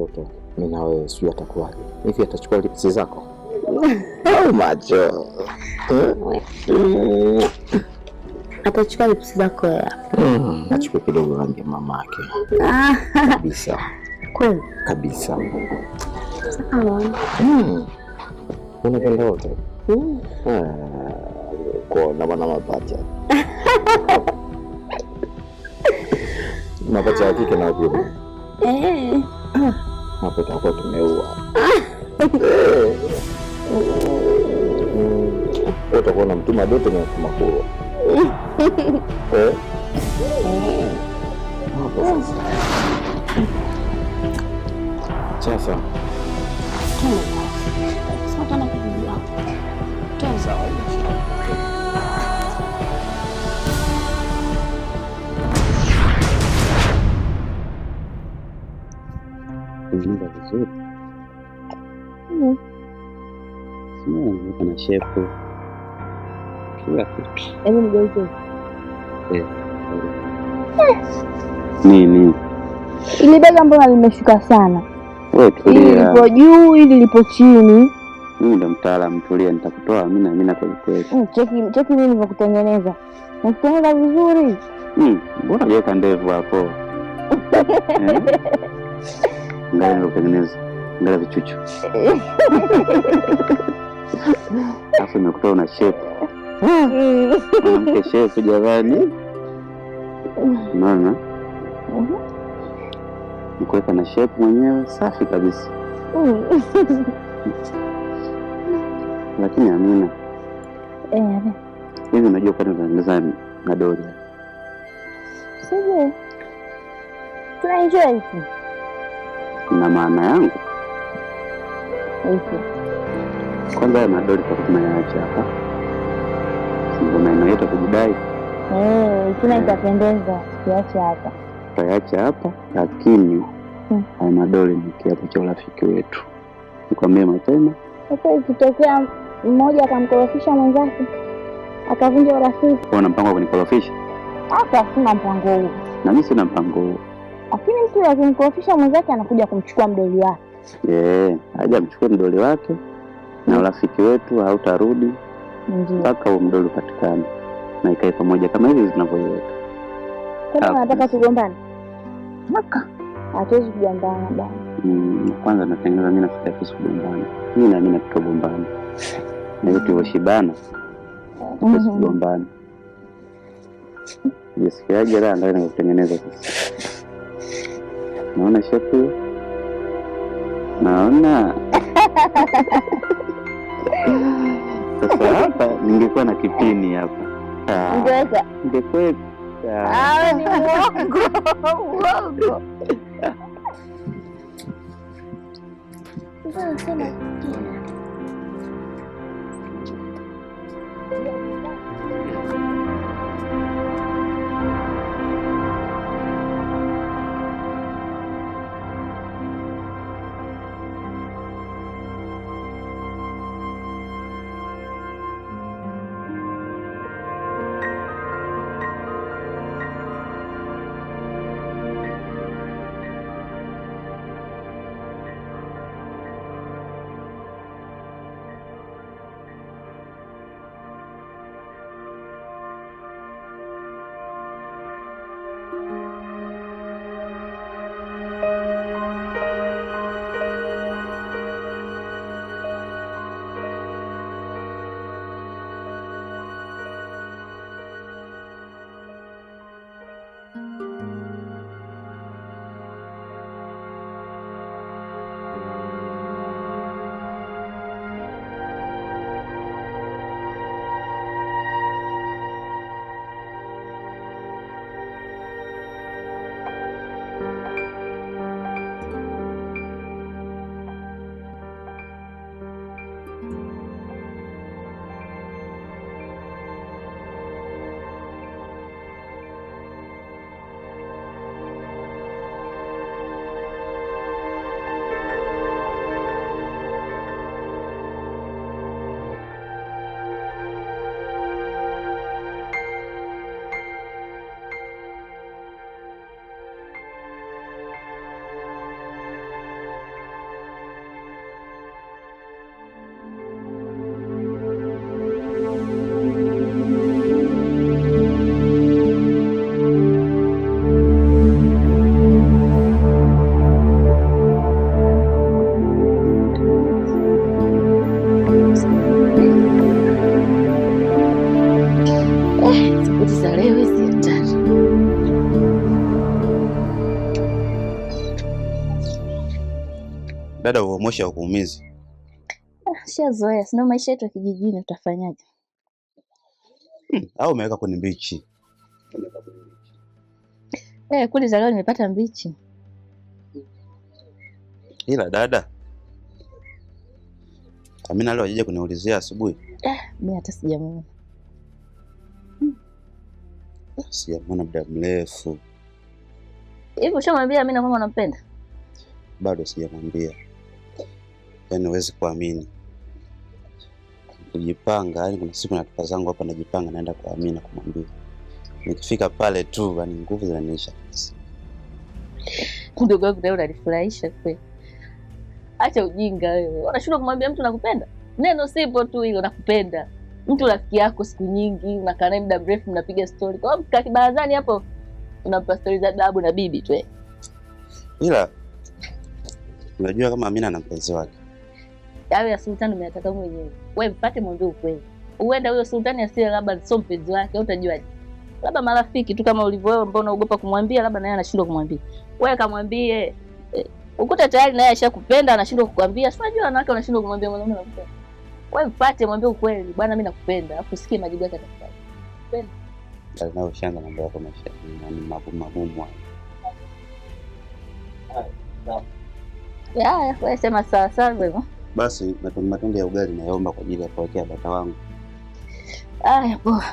watoto, mimi na wewe, sijui atakuwaje. Hivi atachukua lipsi zako au oh, macho? Hmm. Atachukua lipsi zako? ya hmm. Achukue kidogo, rangi ya mama yake ah. kabisa kweli kabisa. Oh. Hmm. Unapenda wote ah, kuona mwana mapacha mapacha ya kike na eh hapo tutakuwa tumeua, utakuwa na mtuma dote eh? na mtuma kuro sasa kuilinda vizuri mm. shepu kila kitu yaani mgeuze eh, eh. nini ili bega mbona limeshuka sana? Ili lipo juu, ili lipo chini. Mimi ndo mtaalamu, tulia, nitakutoa mimi na mimi mm, Cheki cheki mimi nilivyokutengeneza. Nakutengeneza vizuri. Mm, mbona hujaweka ndevu hapo? Eh? Gari lilotengeneza ngala vichuchu, afu imekuta una shepu mwanamke shepu. Jamani, naona nikuweka na shepu mwenyewe safi kabisa. Lakini Amina, hivi unajua kwani unatengeneza na Sijui tunaenjoy na maana yangu Kwanza haya madoli takutumayaacha hapa simbo maeneo yetu kujidai kina eh, eh. itapendeza, tukiacha hapa tutaacha hapa lakini hmm. haya madoli ni kiapo cha urafiki wetu, nikwambie mapema. Sasa ikitokea mmoja akamkorofisha mwenzake akavunja urafiki, una mpango wa kunikorofisha hapa? Sina mpango huo, na mimi sina mpango huo lakini mtu akimkorofisha mwenzake anakuja kumchukua mdoli wake. Yeah, aje amchukue mdoli wake na urafiki wetu hautarudi mpaka huo mdoli upatikane na ikae pamoja kama hivi zinavyoiweka. Kama ah, nataka tugombane maka hatuwezi kugombana bwana. Mm, kwanza natengeneza mimi nafikiri hatuwezi kugombana. Mimi na mimi tutagombana. Na hiyo tulivyoshibana. Hatuwezi mhm. kugombana. Jisikiaje raha ndio nakutengeneza sasa. Naona shepu, naona sasa. Hapa ningekuwa na kipini hapa, ningekuwa matumizi? Ah, Shazoea, sina maisha yetu ya kijijini, utafanyaje? Hmm, au umeweka kwenye mbichi? Eh, kuli za leo nimepata mbichi. Ila dada Amina leo ajija kuniulizia asubuhi. Eh, ah, mimi hata sijamwona Hmm. Sijamuona muda mrefu. Hivi ushamwambia Amina kwamba unampenda? Bado sijamwambia yani huwezi kuamini. Kujipanga, yani kuna siku natoka zangu hapa najipanga naenda kwa Amina kumwambia. Nikifika pale tu bani, nguvu zinanisha. Ndugu yangu leo unanifurahisha kweli. Acha ujinga wewe. Unashindwa kumwambia mtu nakupenda? Neno sipo tu hilo nakupenda. Mtu rafiki yako siku nyingi unakaa naye muda mrefu mnapiga stori. Kwa sababu kibarazani hapo unampa stori za dabu na bibi tu. Eh. Ila unajua kama Amina ana mpenzi wake awe ya sultani umeataka mwenyewe. Wewe mpate mwambie ukweli. Uenda huyo sultani asiye labda sio mpenzi wake, utajuaje? Labda marafiki tu kama ulivyo wewe ambao unaogopa kumwambia, labda naye anashindwa kumwambia. Wewe kamwambie e, ukuta tayari naye ashakupenda anashindwa kukwambia. Si unajua wanawake wanashindwa kumwambia mwanaume anakupenda. Wewe mpate mwambie ukweli, bwana mimi nakupenda, afu sikie majibu yake atakufanya. Kweli. Na ushanga mambo yako maisha ni magumu magumu. Ya, ya, wewe sema sawa sawa. Basi matundu matundu ya ugali nayomba kwa ajili ya kuwekea bata wangu. Aya, poa.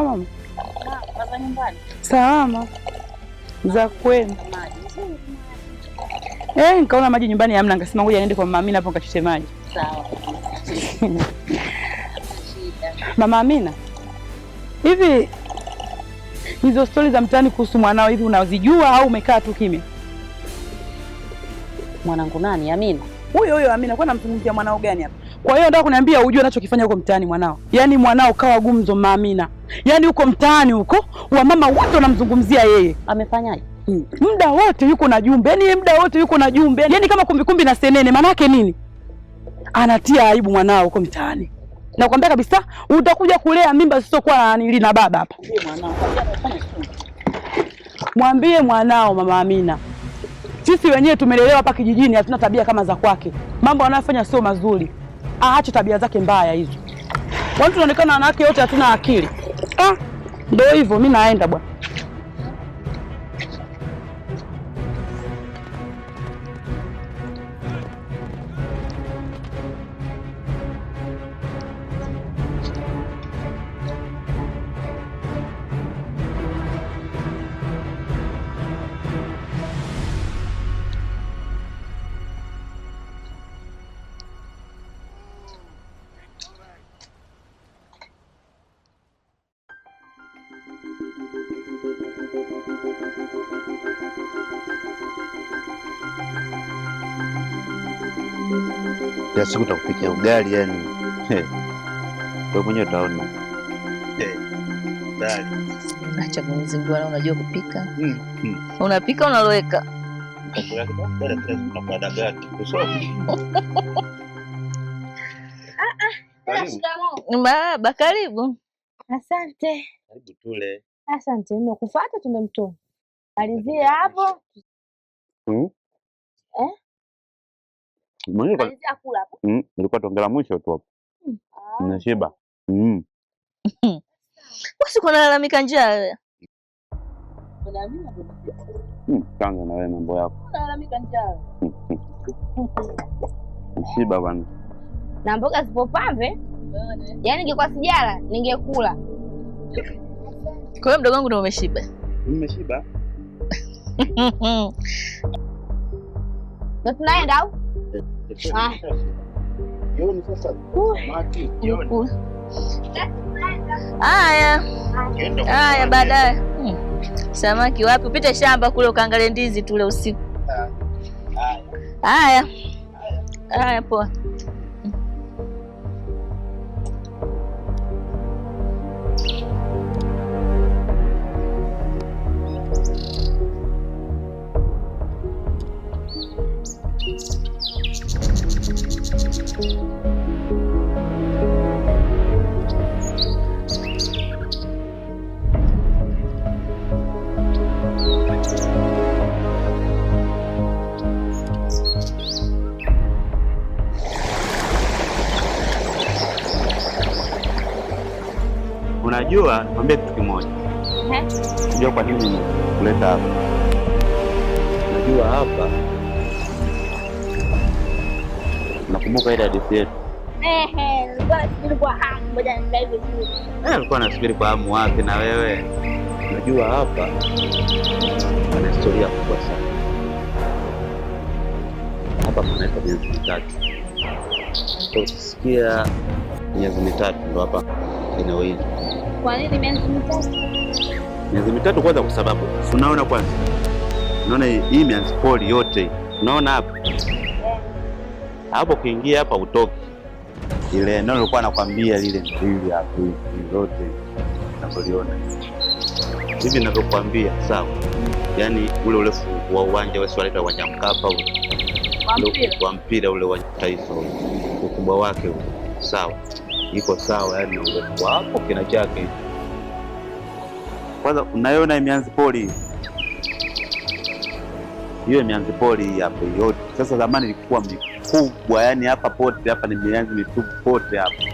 Mjamzito mama? Salama za kwenu? Eh, nikaona maji nyumbani hamna, nikasema ngoja niende kwa mama Amina hapo nikachote maji. Sawa. Mama Amina, hivi hizo stori za mtaani kuhusu mwanao hivi unazijua au umekaa tu kimya? Mwanangu nani? Amina huyo huyo. Amina, kwa namzungumzia mwanao gani hapa? Kwa hiyo nataka kuniambia ujue anachokifanya huko mtaani mwanao, yaani mwanao kawa gumzo. Mama Amina yaani huko mtaani huko wamama wote wanamzungumzia yeye. Amefanyaje? Hmm. Muda wote yuko na jumbe, yaani muda wote yuko na jumbe, yaani kama kumbikumbi na senene. yake nini? Anatia aibu mwanao huko mtaani. Nakwambia kabisa, utakuja kulea mimba zisizokuwa na nili na baba hapa. Mwambie mwanao Mama Amina, sisi wenyewe tumelelewa hapa kijijini, hatuna tabia kama za kwake. Mambo anayofanya sio mazuri, aache tabia zake mbaya hizo. Watu tunaonekana wanawake wote hatuna akili. Ah, ndio hivyo, mi naenda bwana. Kila siku takupikia ugali yani, we mwenyewe utaona. Acha Mwenyezi na unajua kupika hmm. Hmm. Unapika unaloweka Baba, ah, ah. karibu. Asante. Karibu tule. Asante, nimekufuata kufata mtoni. Alizia hapo. Hmm? Nilikuwa tonge la mwisho tu hapo. Nashiba. Usiku nalalamika njaa. Kanga na wewe mambo yako. Nalalamika njaa. Nashiba bwana. Na mboga zipopambe, yaani ningekuwa sijala ningekula. Kwa hiyo mdogo wangu ndio umeshiba. Nimeshiba. Na tunaenda au? Haya, haya, baadaye samaki wapi? Upite shamba kule ukaangalie ndizi tule usiku. Haya, haya, poa. Unajua, nikwambie kitu kimoja. Eh? Unajua kwa nini nimekuleta hapa? Unajua hapa, nakumbuka ile hadithi yetu. Eh, nilikuwa nasubiri kwa hamu wapi? Na wewe unajua hapa ana historia kubwa sana. Hapa panaitwa miezi mitatu. Ukisikia miezi mitatu, ndo hapa eneo hili kwa nini miezi mitatu? Miezi mitatu kwanza, kwa sababu unaona, kwanza unaona hii mianzi poli yote, unaona hapa hapo, kuingia hapa utoki ile neno nilikuwa nakwambia lile mbili hapo lote napoliona hivi navyokwambia sawa? Yaani ule urefu wa uwanja wasiwaleta uwanja Mkapa wa mpira ule wa taifa, ukubwa wake sawa iko sawa, yani urefu wako kina chake. Kwanza unaiona mianzi poli hiyo, mianzi poli hii hapo yote. Sasa zamani ilikuwa mikubwa, yani hapa pote hapa ni mianzi mitupu pote hapa.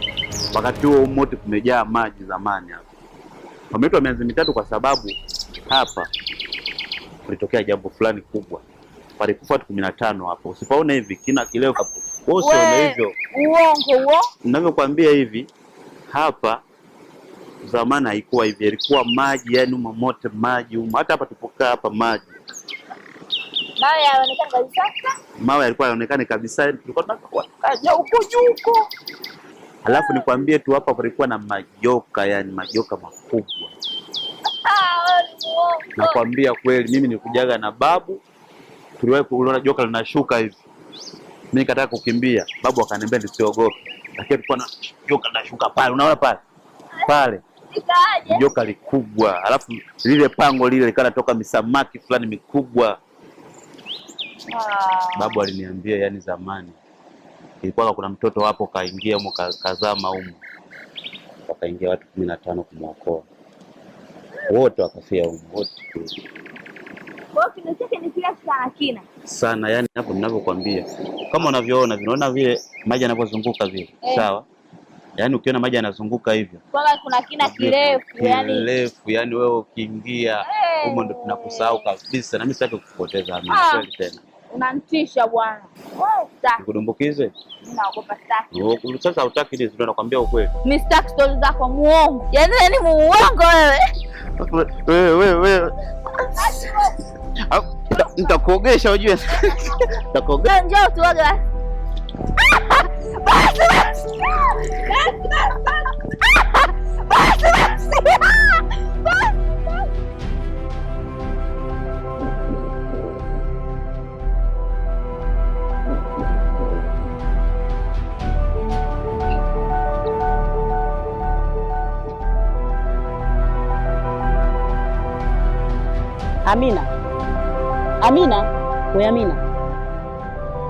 Wakati huo umote kumejaa maji zamani hapa. Pameitwa mianzi mitatu kwa sababu hapa kulitokea jambo fulani kubwa, palikufa watu kumi na tano hapo Usipaona hivi kina kileo hapo hivyo uongo huo. Ninavyokuambia hivi hapa zamani haikuwa hivi, ilikuwa maji yani umamote maji umo, hata hapa tupokaa hapa maji mawe yanaonekana kabisa, mawe yalikuwa yanaonekana kabisa, tulikuwa tunakaja huko juu huko. Alafu nikwambie tu hapa palikuwa na majoka, yani majoka makubwa. Ah, Nakwambia kweli, mimi nikujaga na babu, tuliwahi kuona joka linashuka hivi mimi nikataka kukimbia, babu akaniambia nisiogope, lakini alikuwa na joka shuka pale, unaona pale pale joka likubwa, alafu lile pango lile likawa natoka misamaki fulani mikubwa. Ah. Babu aliniambia yani, zamani ilikuwa kuna mtoto hapo kaingia humo kazama humo, wakaingia watu kumi na tano kumwokoa, wote wakafia humo wote. Kwa hiyo kino chake ni kile sana kina sana, yani hapo ninavyokuambia, kama unavyoona vinaona vile maji yanavyozunguka vile eh. Sawa, yani ukiona maji yanazunguka hivyo kwamba kuna kina kirefu kirefu, yani wewe ukiingia eh. humo ndo tunakusahau kabisa, na mimi sitaki kukupoteza amani ah. kweli tena. Unanitisha bwana. Nikudumbukize? Naogopa sitaki. Sasa hutaki nini? Ndio nakwambia ukweli. Mimi sitaki stori zako muongo. yani ni muongo wewe. Wewe wewe. 너 고개 셔준. 너 고개. 먼저 들어줘. Amina. Amina, we Amina,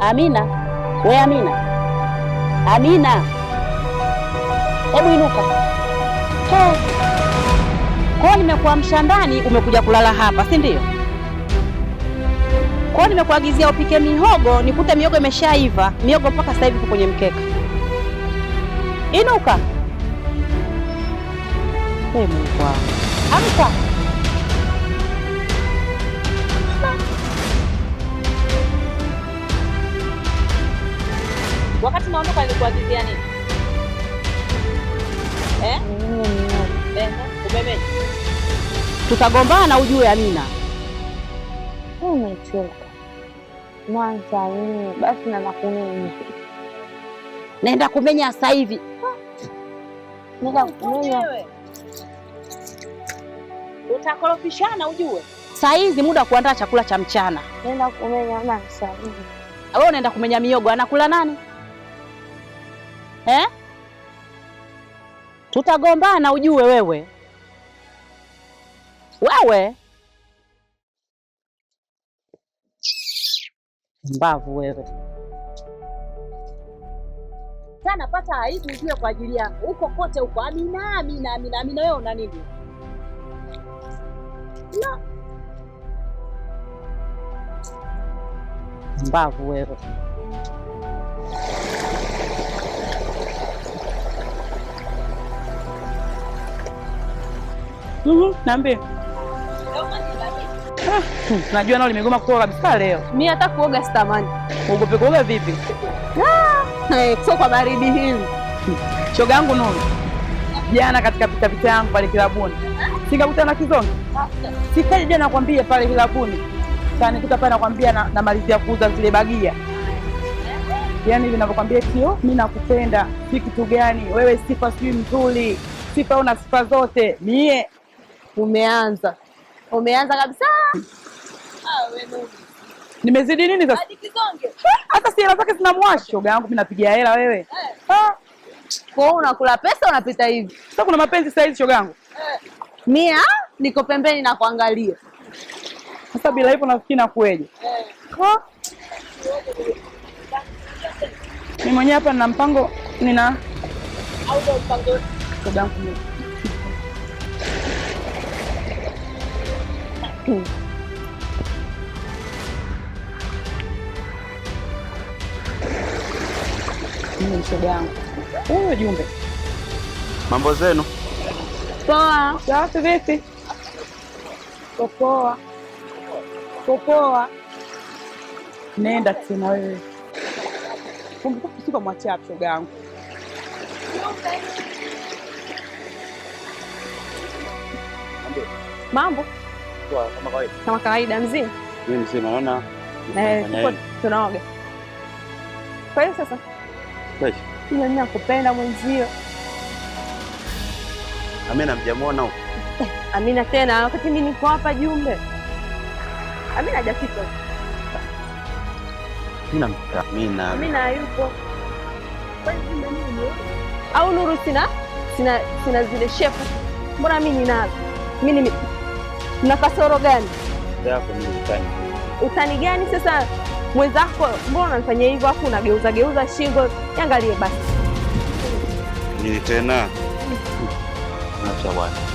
Amina, we Amina, Amina, hebu inuka. Kwa nimekuamsha ndani, umekuja kulala hapa, si ndio? Kwa nimekuagizia upike mihogo, nikute mihogo imeshaiva, mihogo mpaka sasa hivi iko kwenye mkeka. Inuka. Hey, Mungu wangu, amka. umeondoka ili kuadhibia nini? Eh? Ubebe. Tutagombana ujue Amina. Umechoka. Mwanza mimi basi na nakumenya. Naenda kumenya sasa hivi. Nenda kumenya. Utakorofishana ujue. Saa hizi muda wa kuandaa chakula cha mchana. Nenda kumenya mama sasa Wewe unaenda kumenya miogo anakula nani? eh? Tutagombana ujue wewe wewe, mbavu wewe sana, pata aibu ujue kwa ajili yako huko kote huko. Amina, amina, amina, amina. Wewe una nini? Mbavu wewe. mm najua nao limegoma kuoga kabisa leo. Mimi hata kuoga sitamani. Uogope kuoga vipi? Ah, eh, sio kwa baridi hili. Shoga yangu Nuru. Jana katika pitapita yangu pale kilabuni. Sikakuta na kizonge. Sikaje jana nakwambia pale kilabuni. Sasa pale nakwambia na, na malizia kuuza zile bagia. Yaani ninavyokwambia kio, mimi nakupenda. Si kitu gani? Wewe sifa sijui mzuri. Sifa una sifa zote. Mie Umeanza, umeanza kabisa. Nimezidi nini sasa? Hata si hela zake zinamwasha. Shoga yangu mimi napigia hela wewe. Eh. Ah. Kwa hiyo unakula pesa unapita hivi. Sasa kuna mapenzi sasa hizi shoga yangu. Eh. Mia ah, niko pembeni na kuangalia. Sasa bila hivyo nafikiri na Ha? Eh. Ah. Mimi mwenyewe hapa nina mpango nina Mshoga yangu huyo Jumbe, mambo zenu poa? Safi. Vipi? Popoa popoa. Nenda tena wewe, ungekuwa kusuka mwachia mshoga yangu mambo kuwa kama kawaida, kama kawaida mzima mimi mzima, naona tunaoga. Kwa hiyo sasa nakupenda mwenzio Amina, mjamuona huko Amina tena, wakati mimi niko hapa Jumbe. Amina hajafika. Amina, Amina hayupo au Nuru? Sina sina, sina zile shefu, mbona mimi ninazo mimi na kasoro gani? Utani gani sasa? Mwenzako mbona unanifanyia hivyo, afu unageuza geuza shingo? Niangalie basi nini tena? Mm. Acha bwana.